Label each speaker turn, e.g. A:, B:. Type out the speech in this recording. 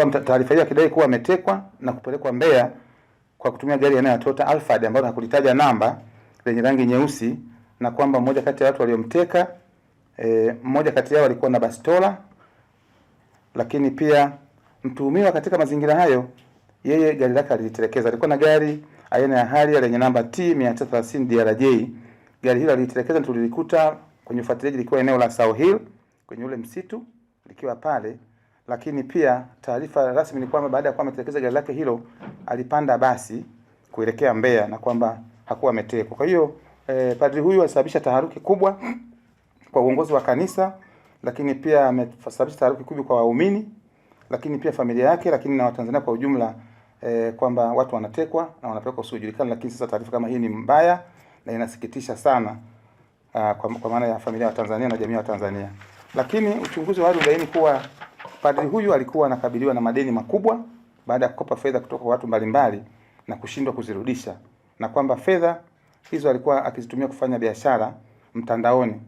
A: akitoa taarifa hiyo akidai kuwa ametekwa na kupelekwa Mbeya kwa kutumia gari aina ya Toyota Alphard ambayo hakulitaja namba lenye rangi nyeusi, na kwamba mmoja kati ya watu waliomteka e, mmoja kati yao alikuwa na bastola. Lakini pia mtuhumiwa katika mazingira hayo, yeye gari lake alilitelekeza. Alikuwa na gari aina ya Harrier lenye namba T 330 DRJ. Gari hilo alilitelekeza, tulilikuta kwenye ufuatiliaji likiwa eneo la Sao Hill kwenye ule msitu likiwa pale lakini pia taarifa rasmi ni kwamba baada ya kuwa ametelekeza gari lake hilo alipanda basi kuelekea Mbeya na kwamba hakuwa ametekwa. Kwa hiyo eh, padri huyu alisababisha taharuki kubwa kwa uongozi wa kanisa, lakini pia amesababisha taharuki kubwa kwa waumini, lakini pia familia yake, lakini na Watanzania kwa ujumla eh, kwamba watu wanatekwa na wanapelekwa usiojulikana. Lakini sasa taarifa kama hii ni mbaya na inasikitisha sana uh, kwa, kwa maana ya familia ya Tanzania na jamii ya Tanzania. Lakini uchunguzi wa hali ulibaini kuwa Padri huyu alikuwa anakabiliwa na madeni makubwa baada ya kukopa fedha kutoka kwa watu mbalimbali na kushindwa kuzirudisha, na kwamba fedha hizo alikuwa akizitumia kufanya biashara mtandaoni.